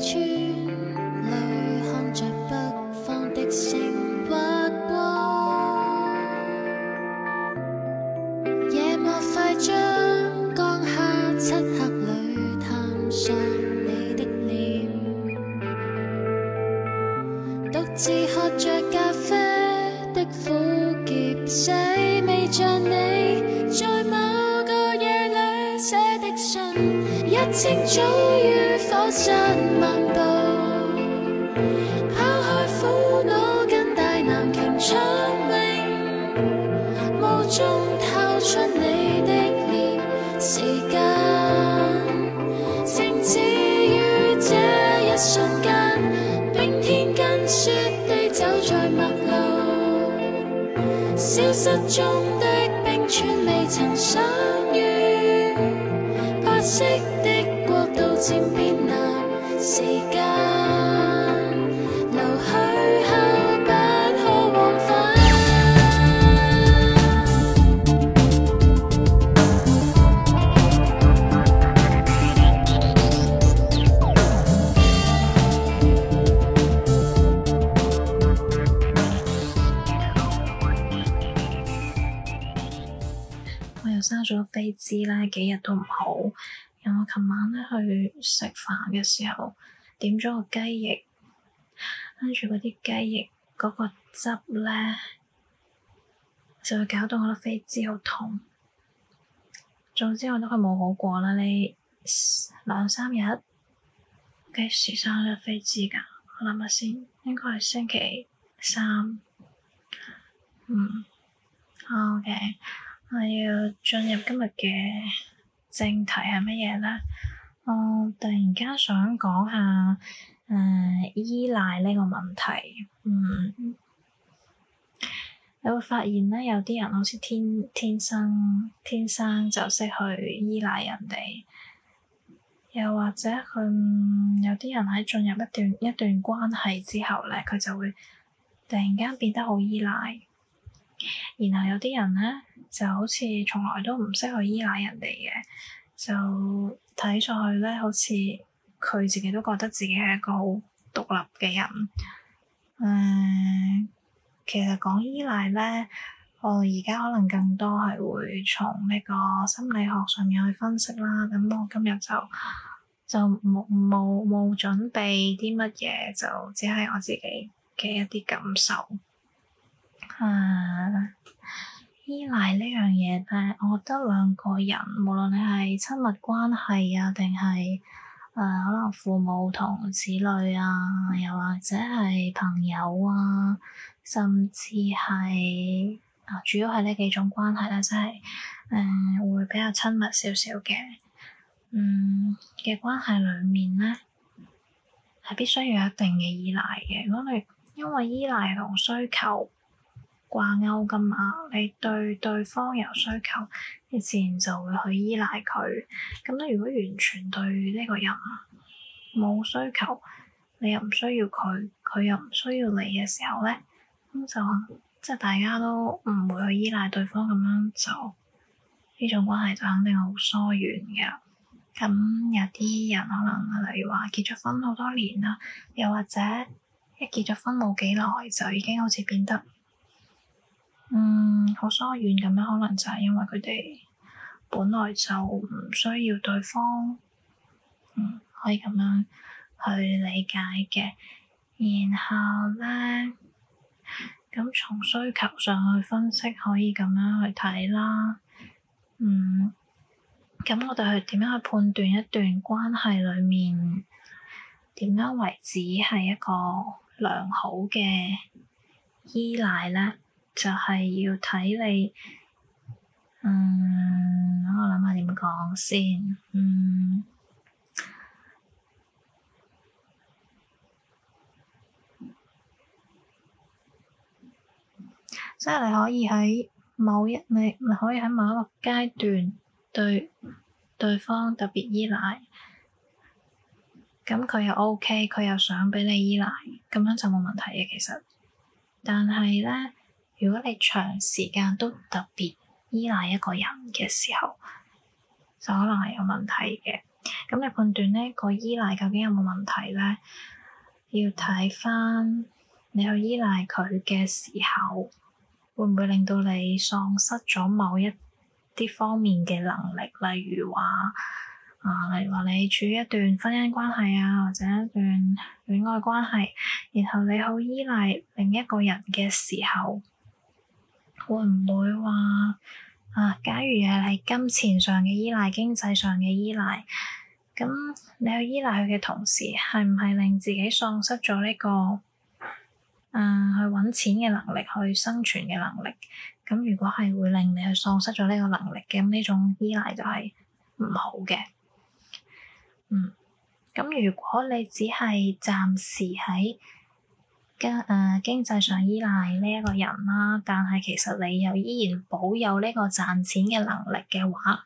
村裡看著北方的星劃過，夜幕快將降下，漆黑裡探索你的臉，獨自喝着咖啡的苦澀，細味着你，在某個夜裡寫的信。一清早於火山漫步，拋開苦惱跟大南聰明，霧中透出你的臉。時間靜止於這一瞬間，冰天跟雪地走在陌路，消失中的冰川未曾想。的國度，流去後不可返。我又生咗飛滋啦，幾日都唔好。我琴晚咧去食飯嘅時候，點咗個雞翼，跟住嗰啲雞翼嗰個汁咧，就會搞到我粒飛滋好痛。總之我都係冇好過啦，你兩三日幾時生粒飛滋㗎？我諗下先，應該係星期三。嗯，OK，我要進入今日嘅。正題係乜嘢咧？我突然間想講下，誒、呃，依賴呢個問題。嗯，你會發現咧，有啲人好似天天生天生就識去依賴人哋，又或者佢有啲人喺進入一段一段關係之後咧，佢就會突然間變得好依賴。然後有啲人咧，就好似從來都唔識去依賴人哋嘅，就睇上去咧，好似佢自己都覺得自己係一個好獨立嘅人。誒、嗯，其實講依賴咧，我而家可能更多係會從呢個心理學上面去分析啦。咁、嗯、我今日就就冇冇冇準備啲乜嘢，就只係我自己嘅一啲感受。誒、嗯。依賴呢樣嘢，誒，我覺得兩個人，無論你係親密關係啊，定係誒，可能父母同子女啊，又或者係朋友啊，甚至係啊，主要係呢幾種關係啦、啊，即係誒，會比較親密少少嘅，嗯嘅關係裏面咧，係必須要有一定嘅依賴嘅。如果你因為依賴同需求，掛鈎㗎嘛？你對對方有需求，你自然就會去依賴佢。咁咧，如果完全對呢個人冇需求，你又唔需要佢，佢又唔需要你嘅時候咧，咁就即係大家都唔會去依賴對方噉樣做，咁樣就呢種關係就肯定好疏遠嘅。咁有啲人可能例如話結咗婚好多年啦，又或者一結咗婚冇幾耐就已經好似變得～嗯，好疏遠咁樣，可能就係因為佢哋本來就唔需要對方，嗯，可以咁樣去理解嘅。然後呢，咁從需求上去分析，可以咁樣去睇啦。嗯，咁我哋去點樣去判斷一段關係裏面點樣為止係一個良好嘅依賴呢？就係要睇你，嗯，我諗下點講先，嗯，即係你可以喺某一你，你可以喺某一個階段對對方特別依賴，咁佢又 OK，佢又想畀你依賴，咁樣就冇問題嘅其實，但係咧。如果你長時間都特別依賴一個人嘅時候，就可能係有問題嘅。咁你判斷呢個依賴究竟有冇問題咧，要睇翻你去依賴佢嘅時候，會唔會令到你喪失咗某一啲方面嘅能力？例如話啊，例如話你處於一段婚姻關係啊，或者一段戀愛關係，然後你好依賴另一個人嘅時候。會唔會話啊？假如係喺金錢上嘅依賴、經濟上嘅依賴，咁你去依賴佢嘅同時，係唔係令自己喪失咗呢個誒、呃、去揾錢嘅能力、去生存嘅能力？咁如果係會令你去喪失咗呢個能力嘅，咁呢種依賴就係唔好嘅。嗯，咁如果你只係暫時喺。加誒經濟上依賴呢一個人啦，但係其實你又依然保有呢個賺錢嘅能力嘅話，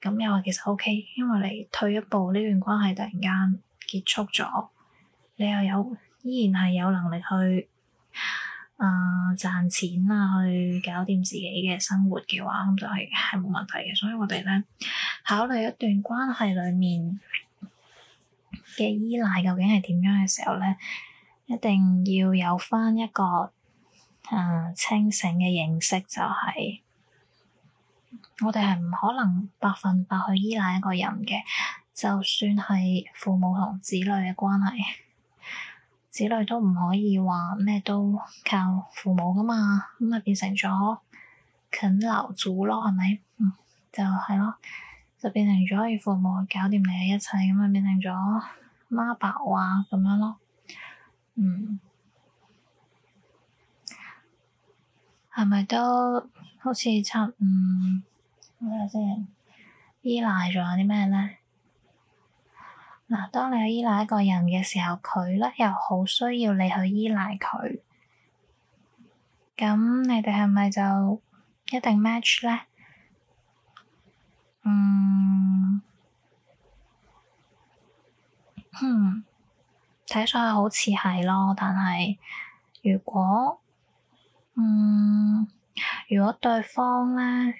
咁又話其實 OK，因為你退一步，呢段關係突然間結束咗，你又有依然係有能力去誒、呃、賺錢啊，去搞掂自己嘅生活嘅話，咁就係係冇問題嘅。所以我哋咧考慮一段關係裡面嘅依賴究竟係點樣嘅時候咧？一定要有翻一個、呃、清醒嘅認識，就係、是、我哋係唔可能百分百去依賴一個人嘅，就算係父母同子女嘅關係，子女都唔可以話咩都靠父母噶嘛，咁咪變成咗啃老族咯，係咪？嗯，就係、是、咯，就變成咗要父母去搞掂你嘅一切，咁咪變成咗媽爸話咁樣咯。嗯，係咪都好似差唔多先？依賴咗啲咩咧？嗱，當你去依賴一個人嘅時候，佢咧又好需要你去依賴佢。咁你哋係咪就一定 match 咧？嗯，哼、嗯。睇上去好似係咯，但係如果嗯，如果對方咧，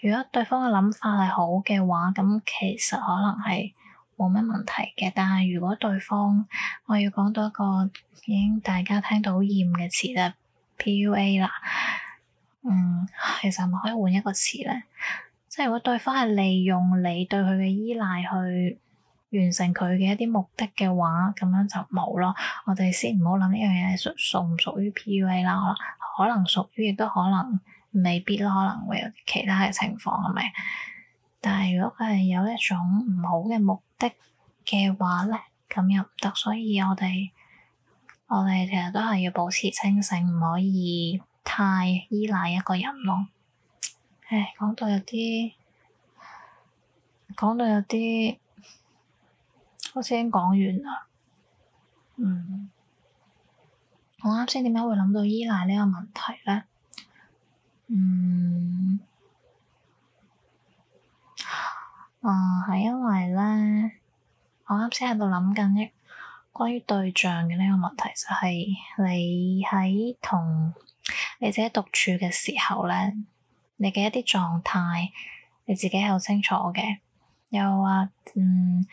如果對方嘅諗法係好嘅話，咁其實可能係冇咩問題嘅。但係如果對方，我要講到一個已經大家聽到好厭嘅詞啦，P.U.A. 啦，嗯，其實可唔可以換一個詞咧？即係如果對方係利用你對佢嘅依賴去。完成佢嘅一啲目的嘅話，咁樣就冇咯。我哋先唔好諗一樣嘢，屬屬唔屬於 PUA 啦，可能屬於亦都可能未必咯，可能會有其他嘅情況，係咪？但係如果佢係有一種唔好嘅目的嘅話咧，咁又唔得。所以我哋我哋其實都係要保持清醒，唔可以太依賴一個人咯。唉，講到有啲講到有啲。我先講完啦。嗯，我啱先點解會諗到依賴呢一個問題咧？嗯，啊、嗯，係因為咧，我啱先喺度諗緊一關於對象嘅呢個問題，就係你喺同你自己獨處嘅時候咧，你嘅一啲狀態你自己係好清楚嘅，又話嗯。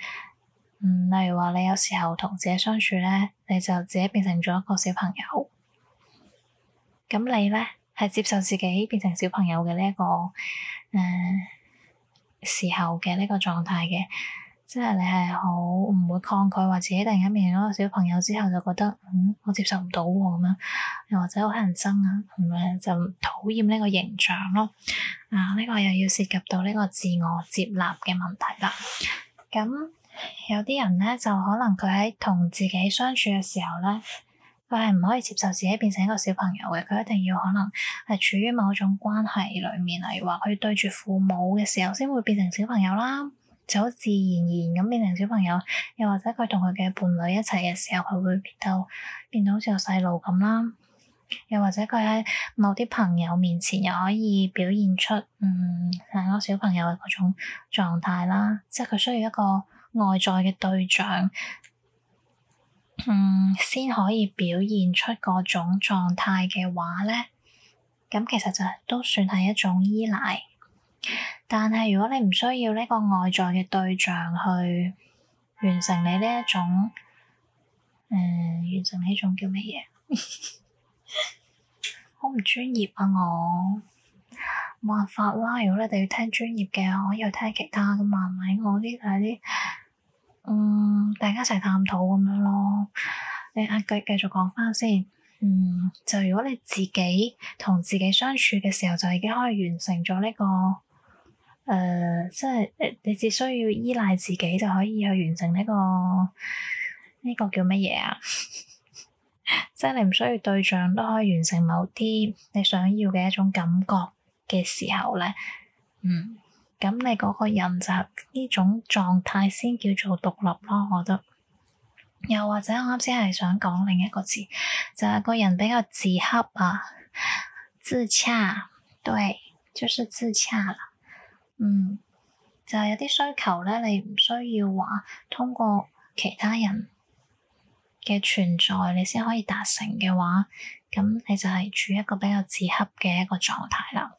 嗯、例如話你有時候同自己相處咧，你就自己變成咗一個小朋友。咁你咧係接受自己變成小朋友嘅呢一個誒、呃、時候嘅呢個狀態嘅，即係你係好唔會抗拒，或者自己突然間變成一個小朋友之後就覺得，嗯，我接受唔到咁樣，又或者好乞人憎啊，咁樣就討厭呢個形象咯。啊，呢、呢個又要涉及到呢個自我接納嘅問題啦。咁。有啲人咧，就可能佢喺同自己相處嘅時候咧，佢係唔可以接受自己變成一個小朋友嘅。佢一定要可能係處於某一種關係裏面，例如話佢對住父母嘅時候，先會變成小朋友啦，就好自然而然咁變成小朋友。又或者佢同佢嘅伴侶一齊嘅時候，佢會變到變到好似個細路咁啦。又或者佢喺某啲朋友面前，又可以表現出嗯成個小朋友嘅嗰種狀態啦，即係佢需要一個，外在嘅對象，嗯，先可以表現出嗰種狀態嘅話咧，咁其實就都算係一種依賴。但係如果你唔需要呢個外在嘅對象去完成你呢一種，誒、呃，完成呢種叫乜嘢？好 唔專業啊！我冇辦法啦、啊。如果你哋要聽專業嘅，可以去聽其他㗎嘛，唔係我呢度啲。嗯，大家一齊探討咁樣咯。你阿繼繼續講翻先。嗯，就如果你自己同自己相處嘅時候，就已經可以完成咗呢個，誒、呃，即係你只需要依賴自己就可以去完成呢個，呢個叫乜嘢啊？ 即係你唔需要對象都可以完成某啲你想要嘅一種感覺嘅時候咧，嗯。咁你嗰個人就係呢種狀態先叫做獨立咯，我覺得。又或者我啱先係想講另一個字，就係、是、個人比較自洽啊，自洽，對，就是自洽啦。嗯，就係、是、有啲需求咧，你唔需要話通過其他人嘅存在，你先可以達成嘅話，咁你就係處於一個比較自洽嘅一個狀態啦。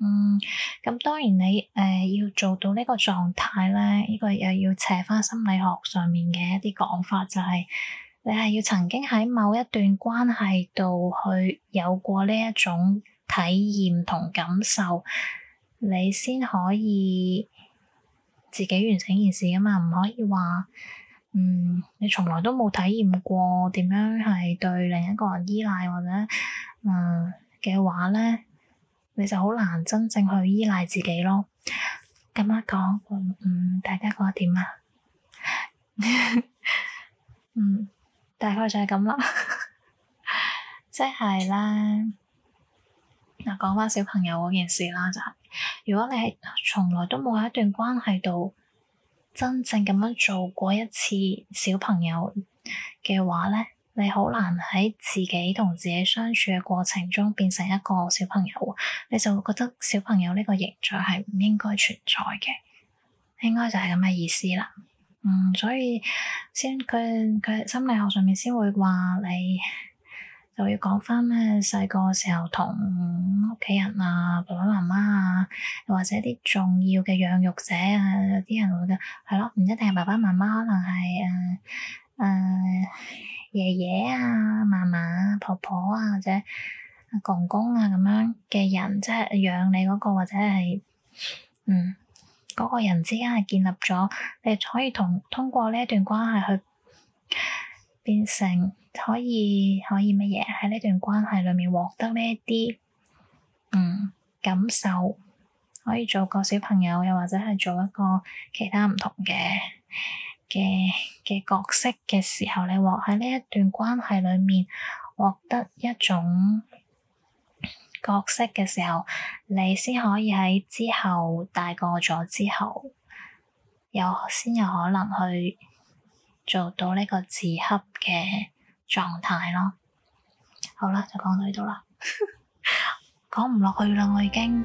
嗯，咁當然你誒、呃、要做到呢個狀態咧，呢、呢個又要扯翻心理學上面嘅一啲講法、就係，就係你係要曾經喺某一段關係度去有過呢一種體驗同感受，你先可以自己完成件事噶嘛，唔可以話嗯你從來都冇體驗過點樣係對另一個人依賴或者嗯嘅話咧，你就好難真正去依賴自己咯。咁樣講，嗯，大家覺得點啊？ 嗯，大概就係咁啦，即係咧。嗱，講翻小朋友嗰件事啦，就係如果你係從來都冇喺一段關係度真正咁樣做過一次小朋友嘅話咧。你好難喺自己同自己相處嘅過程中變成一個小朋友，你就會覺得小朋友呢個形象係唔應該存在嘅，應該就係咁嘅意思啦。嗯，所以先佢佢心理學上面先會話你，就要講翻咩細個時候同屋企人啊、爸爸媽媽啊，又或者啲重要嘅養育者啊，有啲人會嘅，係咯，唔一定係爸爸媽媽可能係誒。啊誒，爺爺、uh, 啊、嫲嫲啊、婆婆啊或者阿公公啊咁樣嘅人，即係養你嗰、那個或者係，嗯，嗰、那個人之間係建立咗，你可以同通過呢一段關係去變成可以可以乜嘢？喺呢段關係裏面獲得呢一啲，嗯，感受可以做個小朋友，又或者係做一個其他唔同嘅。嘅嘅角色嘅時候，你獲喺呢一段關係裏面獲得一種角色嘅時候，你先可以喺之後大個咗之後，有先有可能去做到呢個自洽嘅狀態咯。好啦，就講到呢度啦，講唔落去啦，我已經。